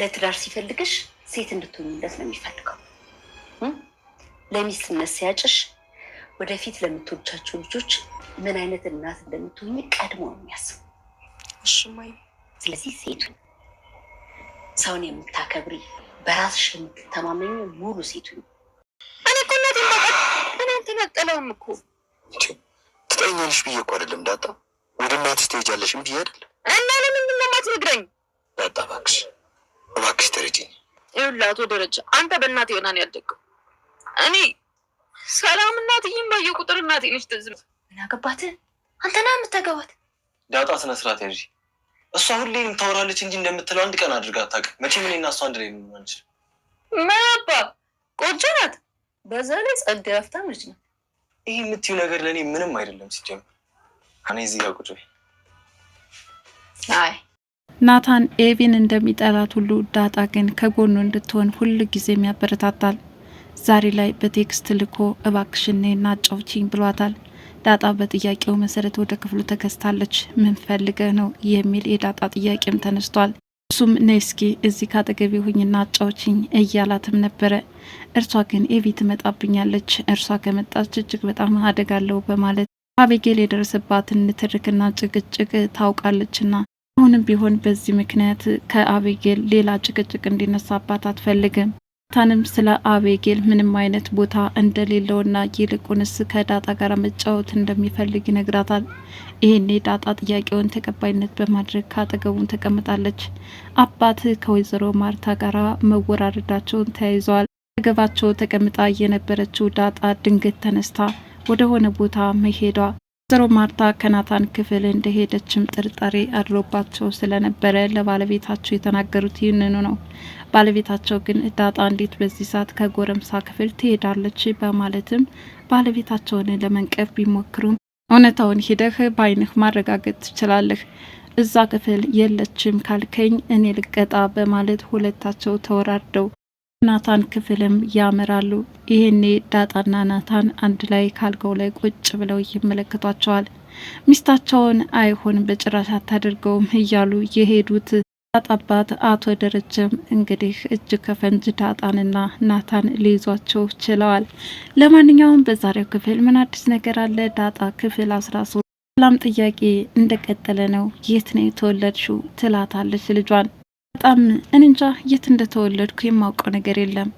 ለትዳር ሲፈልግሽ ሴት እንድትሆኝለት ነው የሚፈልገው። ለሚስትነት ሲያጭሽ ወደፊት ለምትወጃቸው ልጆች ምን አይነት እናት እንደምትሆኝ ቀድሞ ነው የሚያስቡ። እሽማይ ስለዚህ ሴቱ ሰውን የምታከብሪ በራስሽ የምትተማመኝ ሙሉ ሴቱ እኔ እኮ እናቴ ትናንትና አልጠላውም እኮ ትጠኛልሽ ብዬ እኮ አይደለም ዳጣ፣ ወደ እናትሽ ትሄጃለሽ ብዬ አይደለም እና ለምንድን ነው የማትነግረኝ ዳጣ እባክሽ? እባክሽ ተረጂኝ። ይኸውልህ አቶ አንተ በእናት የሆና ነው ያደገው። እኔ ሰላም እናትዬም ባየ ቁጥር እናቴ ነች ትዝ ምን አገባት? አንተ ና የምታገባት ዳጣ ስነ ስርዓት ያዥ። እሷ ሁሌም ታወራለች እንጂ እንደምትለው አንድ ቀን አድርጋ አታውቅም። መቼም እሷ አንድ ላይ ናት። በዛ ላይ ጸድ ይህ የምትዩ ነገር ለእኔ ምንም አይደለም። ሲጀምር እኔ እዚህ ጋር ቁጭ አይ ናታን ኤቪን እንደሚጠላት ሁሉ ዳጣ ግን ከጎኑ እንድትሆን ሁል ጊዜም ያበረታታል። ዛሬ ላይ በቴክስት ልኮ እባክሽኔ ናጫውቺኝ ብሏታል። ዳጣ በጥያቄው መሰረት ወደ ክፍሉ ተከስታለች። ምን ፈልገ ነው የሚል የዳጣ ጥያቄም ተነስቷል። እሱም ነስኪ እዚህ ካጠገቢ ሁኝ አጫውችኝ እያላትም ነበረ። እርሷ ግን ኤቪ ትመጣብኛለች፣ እርሷ ከመጣች እጅግ በጣም አደጋለሁ በማለት አቤጌል የደረሰባትን ንትርክና ጭቅጭቅ ታውቃለችና አሁንም ቢሆን በዚህ ምክንያት ከአቤጌል ሌላ ጭቅጭቅ እንዲነሳባት አትፈልግም። ታንም ስለ አቤጌል ምንም አይነት ቦታ እንደሌለውና ይልቁንስ ከዳጣ ጋር መጫወት እንደሚፈልግ ይነግራታል። ይህኔ ዳጣ ጥያቄውን ተቀባይነት በማድረግ ካጠገቡን ተቀምጣለች። አባት ከወይዘሮ ማርታ ጋር መወራረዳቸውን ተያይዘዋል። አጠገባቸው ተቀምጣ የነበረችው ዳጣ ድንገት ተነስታ ወደ ሆነ ቦታ መሄዷ ወይዘሮ ማርታ ከናታን ክፍል እንደሄደችም ጥርጣሬ አድሮባቸው ስለነበረ ለባለቤታቸው የተናገሩት ይህንኑ ነው። ባለቤታቸው ግን ዳጣ እንዴት በዚህ ሰዓት ከጎረምሳ ክፍል ትሄዳለች በማለትም ባለቤታቸውን ለመንቀፍ ቢሞክሩም እውነታውን ሂደህ በአይንህ ማረጋገጥ ትችላለህ እዛ ክፍል የለችም ካልከኝ እኔ ልቀጣ በማለት ሁለታቸው ተወራርደው ናታን ክፍልም ያመራሉ። ይሄኔ ዳጣና ናታን አንድ ላይ ካልጋው ላይ ቁጭ ብለው ይመለከቷቸዋል። ሚስታቸውን አይሆን በጭራሽ አታደርገውም እያሉ የሄዱት ዳጣ አባት አቶ ደረጀም እንግዲህ እጅ ከፈንጅ ዳጣንና ናታን ሊይዟቸው ችለዋል። ለማንኛውም በዛሬው ክፍል ምን አዲስ ነገር አለ? ዳጣ ክፍል አስራ ሶስት ሰላም ጥያቄ እንደቀጠለ ነው። የት ነው የተወለድሽው? ትላታለች ልጇን በጣም እንንጃ የት እንደተወለድኩ የማውቀው ነገር የለም።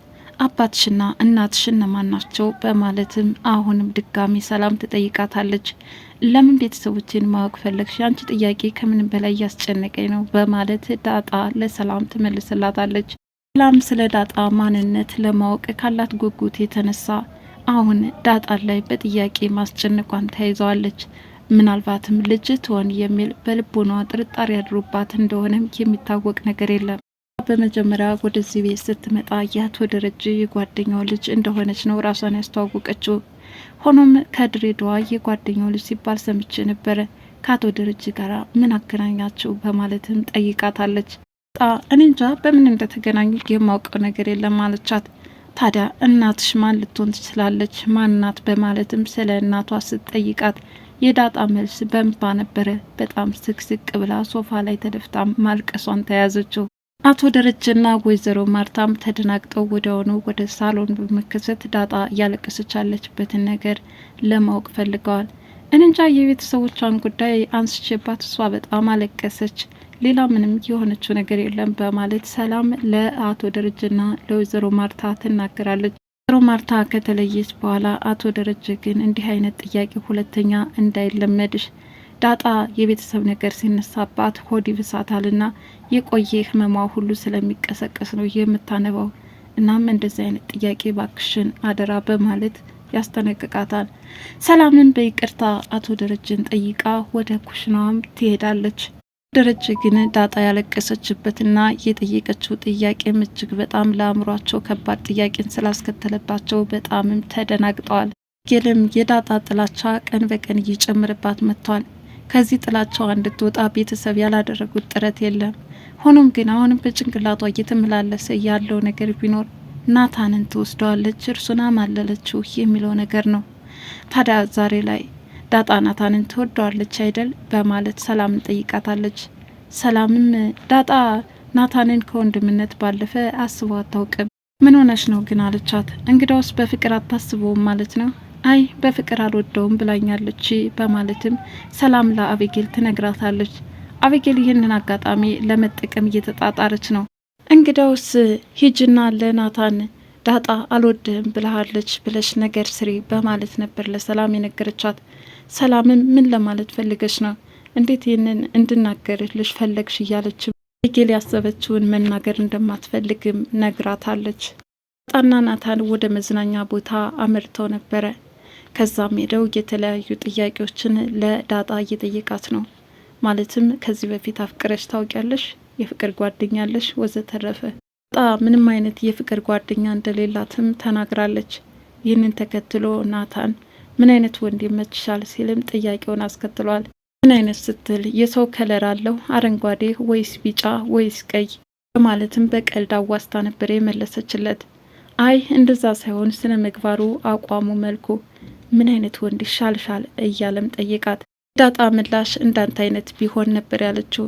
አባትሽና እናትሽ እነማን ናቸው? በማለትም አሁንም ድጋሚ ሰላም ትጠይቃታለች። ለምን ቤተሰቦችን ማወቅ ፈለግሽ? አንቺ ጥያቄ ከምንም በላይ እያስጨነቀኝ ነው በማለት ዳጣ ለሰላም ትመልስላታለች። ሰላም ስለ ዳጣ ማንነት ለማወቅ ካላት ጉጉት የተነሳ አሁን ዳጣ ላይ በጥያቄ ማስጨነቋን ተያይዘዋለች። ምናልባትም ልጅ ትሆን የሚል በልቦኗ ጥርጣሬ ያድሩባት እንደሆነም የሚታወቅ ነገር የለም። በመጀመሪያ ወደዚህ ቤት ስትመጣ የአቶ ደረጀ የጓደኛው ልጅ እንደሆነች ነው ራሷን ያስተዋወቀችው። ሆኖም ከድሬዳዋ የጓደኛው ልጅ ሲባል ሰምቼ ነበረ፣ ከአቶ ደረጀ ጋር ምን አገናኛቸው በማለትም ጠይቃታለች። ጣ እኔ እንጃ በምን እንደተገናኙ የማውቀው ነገር የለም አለቻት። ታዲያ እናትሽ ማን ልትሆን ትችላለች? እናት በማለትም ስለ እናቷ ስትጠይቃት የዳጣ መልስ በእንባ ነበረ። በጣም ስቅስቅ ብላ ሶፋ ላይ ተደፍታ ማልቀሷን ተያዘችው። አቶ ደረጀና ወይዘሮ ማርታም ተደናግጠው ወዲያውኑ ወደ ሳሎን በመከሰት ዳጣ እያለቀሰች ያለችበትን ነገር ለማወቅ ፈልገዋል። እንንጃ የቤተሰቦቿን ጉዳይ አንስቼባት እሷ በጣም አለቀሰች፣ ሌላ ምንም የሆነችው ነገር የለም በማለት ሰላም ለአቶ ደረጀና ለወይዘሮ ማርታ ትናገራለች። ወይዘሮ ማርታ ከተለየች በኋላ አቶ ደረጀ ግን እንዲህ አይነት ጥያቄ ሁለተኛ እንዳይለመድሽ ዳጣ የቤተሰብ ነገር ሲነሳባት ሆድ ይብሳታልና የቆየ ህመሟ ሁሉ ስለሚቀሰቀስ ነው የምታነባው። እናም እንደዚህ አይነት ጥያቄ ባክሽን አደራ በማለት ያስጠነቅቃታል። ሰላምን በይቅርታ አቶ ደረጀን ጠይቃ ወደ ኩሽናዋም ትሄዳለች። ደረጀ ግን ዳጣ ያለቀሰችበትና የጠየቀችው ጥያቄም እጅግ በጣም ለአእምሯቸው ከባድ ጥያቄን ስላስከተለባቸው በጣምም ተደናግጠዋል። ጌልም የዳጣ ጥላቻ ቀን በቀን እየጨምርባት መጥቷል። ከዚህ ጥላቻው እንድትወጣ ቤተሰብ ያላደረጉት ጥረት የለም። ሆኖም ግን አሁንም በጭንቅላቷ እየተመላለሰ ያለው ነገር ቢኖር ናታንን ትወስደዋለች፣ እርሱን አማለለችው የሚለው ነገር ነው። ታዲያ ዛሬ ላይ ዳጣ ናታንን ትወደዋለች አይደል በማለት ሰላምን ጠይቃታለች። ሰላምም ዳጣ ናታንን ከወንድምነት ባለፈ አስቦ አታውቅም፣ ምን ሆነሽ ነው ግን አለቻት። እንግዳውስ በፍቅር አታስበውም ማለት ነው? አይ በፍቅር አልወደውም ብላኛለች በማለትም ሰላም ለአቤጌል ትነግራታለች። አቤጌል ይህንን አጋጣሚ ለመጠቀም እየተጣጣረች ነው። እንግዳውስ ሂጅና ለናታን ዳጣ አልወድህም ብለሃለች ብለሽ ነገር ስሪ በማለት ነበር ለሰላም የነገረቻት። ሰላምም ምን ለማለት ፈልገች ነው እንዴት ይህንን እንድናገርልሽ ፈለግሽ እያለች ጌል ያሰበችውን መናገር እንደማትፈልግም ነግራታለች። ዳጣና ናታን ወደ መዝናኛ ቦታ አምርተው ነበረ። ከዛም ሄደው የተለያዩ ጥያቄዎችን ለዳጣ እየጠየቃት ነው። ማለትም ከዚህ በፊት አፍቅረች ታውቂያለሽ፣ የፍቅር ጓደኛለሽ፣ ወዘተረፈ ጣ ምንም አይነት የፍቅር ጓደኛ እንደሌላትም ተናግራለች። ይህንን ተከትሎ ናታን ምን አይነት ወንድ ይመችሻል ሲልም ጥያቄውን አስከትሏል። ምን አይነት ስትል የሰው ከለር አለው አረንጓዴ ወይስ ቢጫ ወይስ ቀይ በማለትም በቀልድ አዋስታ ነበር የመለሰችለት። አይ እንደዛ ሳይሆን ስነ ምግባሩ፣ አቋሙ፣ መልኩ ምን አይነት ወንድ ይሻልሻል እያለም ጠየቃት። ዳጣ ምላሽ እንዳንተ አይነት ቢሆን ነበር ያለችው።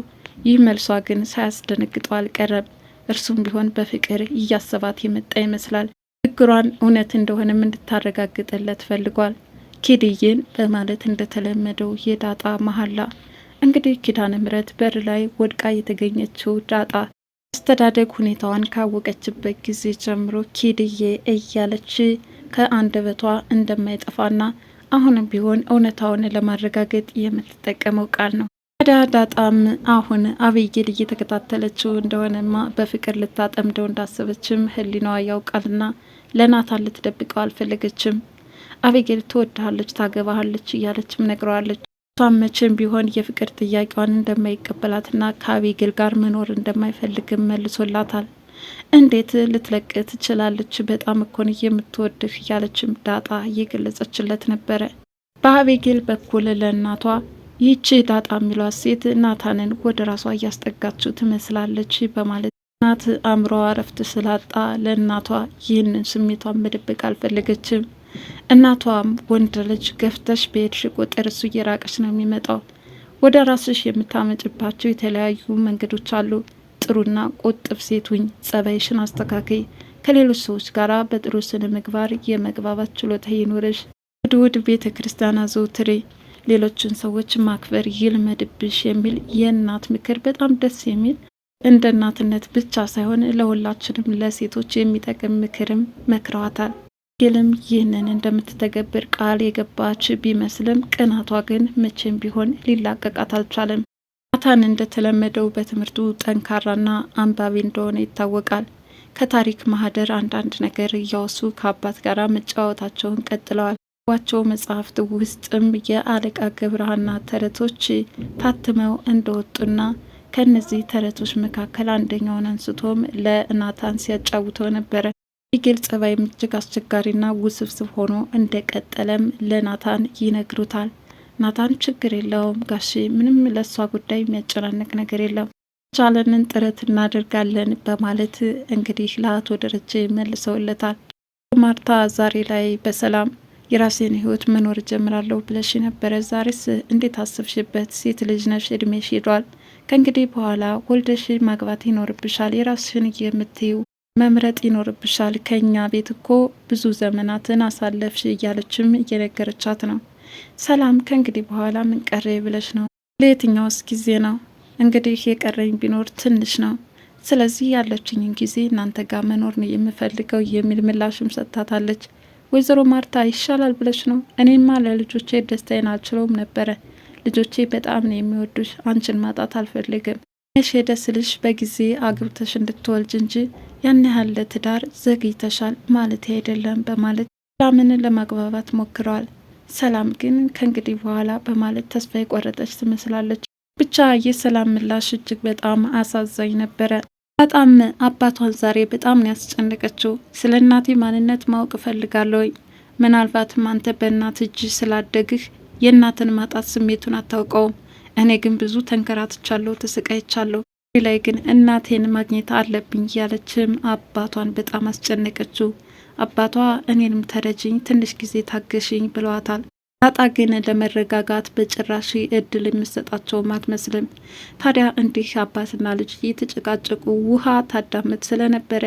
ይህ መልሷ ግን ሳያስደነግጠው አልቀረም። እርሱም ቢሆን በፍቅር እያሰባት የመጣ ይመስላል። ችግሯን እውነት እንደሆነም እንድታረጋግጥለት ፈልጓል። ኪድዬን በማለት እንደተለመደው የዳጣ መሀላ እንግዲህ ኪዳነ ምሕረት በር ላይ ወድቃ የተገኘችው ዳጣ አስተዳደግ ሁኔታዋን ካወቀችበት ጊዜ ጀምሮ ኪድዬ እያለች ከአንደበቷ እንደማይጠፋና አሁንም ቢሆን እውነታውን ለማረጋገጥ የምትጠቀመው ቃል ነው። ታዲያ ዳጣም አሁን አብይን እየተከታተለችው እንደሆነማ በፍቅር ልታጠምደው እንዳሰበችም ህሊናዋ ያውቃልና ለናታን ልትደብቀው አልፈለገችም። አብይን ትወድሃለች፣ ታገባሃለች እያለችም ነግረዋለች። እሷም መቼም ቢሆን የፍቅር ጥያቄዋን እንደማይቀበላትና ከአብይን ጋር መኖር እንደማይፈልግም መልሶላታል። እንዴት ልትለቅ ትችላለች? በጣም እኮን የምትወድህ እያለችም ዳጣ እየገለጸችለት ነበረ። በአቤጌል በኩል ለእናቷ ይህች ዳጣ የሚሏት ሴት ናታንን ወደ ራሷ እያስጠጋችው ትመስላለች በማለት ናት አእምሮዋ እረፍት ስላጣ ለእናቷ ይህንን ስሜቷን መደበቅ አልፈለገችም። እናቷም ወንድ ልጅ ገፍተሽ በሄድሽ ቁጥር እሱ እየራቀች ነው የሚመጣው። ወደ ራስሽ የምታመጭባቸው የተለያዩ መንገዶች አሉ። ጥሩና ቁጥብ ሴቱኝ፣ ጸባይሽን አስተካከይ፣ ከሌሎች ሰዎች ጋር በጥሩ ስነ ምግባር የመግባባት ችሎታ ይኖረሽ፣ ውድ ውድ ቤተ ክርስቲያን አዘውትሪ ሌሎችን ሰዎች ማክበር ይልመድብሽ የሚል የእናት ምክር በጣም ደስ የሚል እንደ እናትነት ብቻ ሳይሆን ለሁላችንም ለሴቶች የሚጠቅም ምክርም መክረዋታል። ይልም ይህንን እንደምትተገብር ቃል የገባች ቢመስልም ቅናቷ ግን መቼም ቢሆን ሊላቀቃት አልቻለም። ናታን እንደተለመደው በትምህርቱ ጠንካራና አንባቢ እንደሆነ ይታወቃል። ከታሪክ ማህደር አንዳንድ ነገር እያወሱ ከአባት ጋር መጫወታቸውን ቀጥለዋል። ባቸው መጽሐፍት ውስጥም የአለቃ ገብረሃና ተረቶች ታትመው እንደወጡና ከነዚህ ተረቶች መካከል አንደኛውን አንስቶም ለናታን ሲያጫውተው ነበረ። የግል ጸባይም እጅግ አስቸጋሪና ውስብስብ ሆኖ እንደቀጠለም ለናታን ይነግሩታል። ናታን ችግር የለውም ጋሺ፣ ምንም ለእሷ ጉዳይ የሚያጨናንቅ ነገር የለም፣ ቻለንን ጥረት እናደርጋለን በማለት እንግዲህ ለአቶ ደረጀ መልሰውለታል። ማርታ ዛሬ ላይ በሰላም የራሴን ህይወት መኖር ጀምራለሁ ብለሽ ነበረ። ዛሬስ እንዴት አስብሽበት? ሴት ልጅ ነሽ፣ እድሜሽ ሄዷል። ከእንግዲህ በኋላ ወልደሽ ማግባት ይኖርብሻል። የራስሽን የምትይው መምረጥ ይኖርብሻል። ከኛ ቤት እኮ ብዙ ዘመናትን አሳለፍሽ እያለችም እየነገረቻት ነው። ሰላም ከእንግዲህ በኋላ ምን ቀረ ብለሽ ነው? ለየትኛውስ ጊዜ ነው? እንግዲህ የቀረኝ ቢኖር ትንሽ ነው። ስለዚህ ያለችኝን ጊዜ እናንተ ጋር መኖር ነው የምፈልገው የሚል ምላሽም ሰጥታታለች። ወይዘሮ ማርታ ይሻላል ብለሽ ነው? እኔማ ለልጆቼ ደስታዬን አልችለውም ነበረ። ልጆቼ በጣም ነው የሚወዱሽ። አንቺን ማጣት አልፈልግም። ነሽ ደስ ልሽ በጊዜ አግብተሽ እንድትወልጅ እንጂ ያን ያህል ለትዳር ዘግይተሻል ማለት አይደለም በማለት ሰላምን ለማግባባት ሞክረዋል። ሰላም ግን ከእንግዲህ በኋላ በማለት ተስፋ የቆረጠች ትመስላለች። ብቻ የሰላም ምላሽ እጅግ በጣም አሳዛኝ ነበረ። በጣም አባቷን ዛሬ በጣም ያስጨነቀችው። ስለ እናቴ ማንነት ማወቅ እፈልጋለሁ። ምናልባትም አንተ በእናት እጅ ስላደግህ የእናትን ማጣት ስሜቱን አታውቀውም። እኔ ግን ብዙ ተንከራትቻለሁ፣ ተሰቃይቻለሁ። ላይ ግን እናቴን ማግኘት አለብኝ እያለችም አባቷን በጣም አስጨነቀችው። አባቷ እኔንም ተረጅኝ፣ ትንሽ ጊዜ ታገሽኝ ብለዋታል። ዳጣ ግን ለመረጋጋት በጭራሽ እድል የምሰጣቸውም አትመስልም። ታዲያ እንዲህ አባትና ልጅ የተጨቃጨቁ ውሃ ታዳምጥ ስለነበረ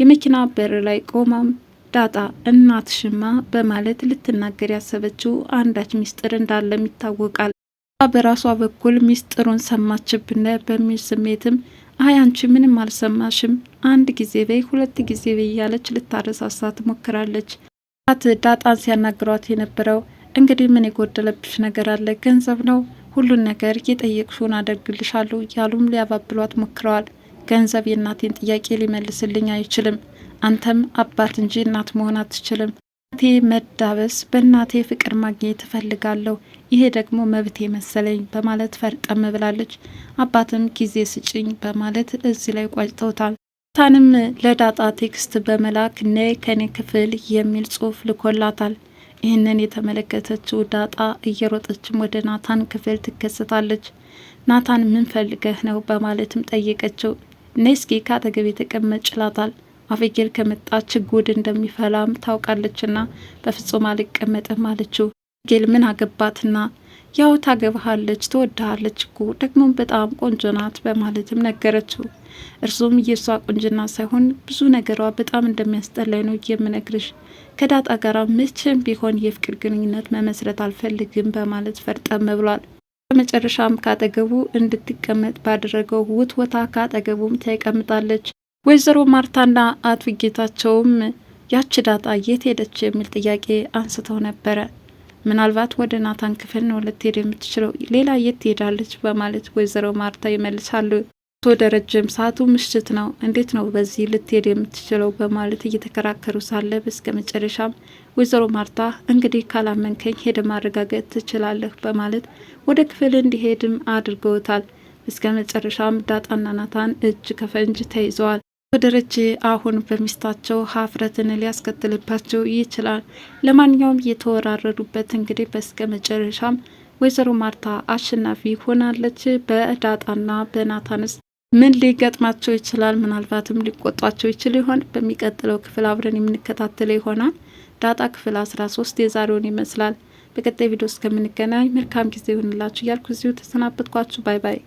የመኪና በር ላይ ቆማም ዳጣ እናትሽማ በማለት ልትናገር ያሰበችው አንዳች ሚስጥር እንዳለም ይታወቃል። በራሷ በኩል ሚስጥሩን ሰማችብነ በሚል ስሜትም አይ አንቺ ምንም አልሰማሽም፣ አንድ ጊዜ በይ፣ ሁለት ጊዜ በይ እያለች ልታረሳሳ ትሞክራለች። ት ዳጣን ሲያናግሯት የነበረው እንግዲህ ምን የጎደለብሽ ነገር አለ? ገንዘብ ነው፣ ሁሉን ነገር የጠየቅሽውን አደርግልሻለሁ እያሉም ሊያባብሏት ሞክረዋል። ገንዘብ የእናቴን ጥያቄ ሊመልስልኝ አይችልም። አንተም አባት እንጂ እናት መሆን አትችልም። እናቴ መዳበስ፣ በእናቴ ፍቅር ማግኘት እፈልጋለሁ። ይሄ ደግሞ መብቴ መሰለኝ በማለት ፈርጠም ብላለች። አባትም ጊዜ ስጭኝ በማለት እዚህ ላይ ቋጭተውታል። ታንም ለዳጣ ቴክስት በመላክ ነይ ከኔ ክፍል የሚል ጽሁፍ ልኮላታል። ይህንን የተመለከተችው ዳጣ እየሮጠችም ወደ ናታን ክፍል ትከሰታለች። ናታን ምን ፈልገህ ነው በማለትም ጠየቀችው። ኔስኪ ከአጠገብ የተቀመጥ ችላታል። አፍጌል ከመጣች ጉድ እንደሚፈላም ታውቃለችና በፍጹም አልቀመጥም አለችው። አፍጌል ምን አገባትና ያው ታገባሃለች፣ ትወድሃለች እኮ ደግሞም በጣም ቆንጆ ናት በማለትም ነገረችው። እርሱም የእሷ ቁንጅና ሳይሆን ብዙ ነገሯ በጣም እንደሚያስጠላኝ ነው የምነግርሽ። ከዳጣ ጋር መቼም ቢሆን የፍቅር ግንኙነት መመስረት አልፈልግም በማለት ፈርጠም ብሏል። በመጨረሻም ካጠገቡ እንድትቀመጥ ባደረገው ውትወታ ካጠገቡም ተቀምጣለች። ወይዘሮ ማርታና አቶ ጌታቸውም ያቺ ዳጣ የት ሄደች የሚል ጥያቄ አንስተው ነበረ። ምናልባት ወደ ናታን ክፍል ነው ልትሄድ የምትችለው፣ ሌላ የት ትሄዳለች በማለት ወይዘሮ ማርታ ይመልሳሉ። አቶ ደረጀም ሰዓቱ ምሽት ነው፣ እንዴት ነው በዚህ ልትሄድ የምትችለው በማለት እየተከራከሩ ሳለ በስከ መጨረሻም ወይዘሮ ማርታ እንግዲህ ካላመንከኝ ሄደ ማረጋገጥ ትችላለህ በማለት ወደ ክፍል እንዲሄድም አድርገውታል። እስከ መጨረሻም ዳጣና ናታን እጅ ከፈንጅ ተይዘዋል። ደረጀ አሁን በሚስታቸው ሀፍረትን ሊያስከትልባቸው ይችላል። ለማንኛውም የተወራረዱበት እንግዲህ በስከ መጨረሻም ወይዘሮ ማርታ አሸናፊ ሆናለች። በዳጣና በናታንስ ምን ሊገጥማቸው ይችላል? ምናልባትም ሊቆጧቸው ይችል ይሆን? በሚቀጥለው ክፍል አብረን የምንከታተለው ይሆናል። ዳጣ ክፍል አስራ ሶስት የዛሬውን ይመስላል። በቀጣይ ቪዲዮ እስከምንገናኝ መልካም ጊዜ ይሆንላችሁ እያልኩ እዚሁ ተሰናበትኳችሁ። ባይ ባይ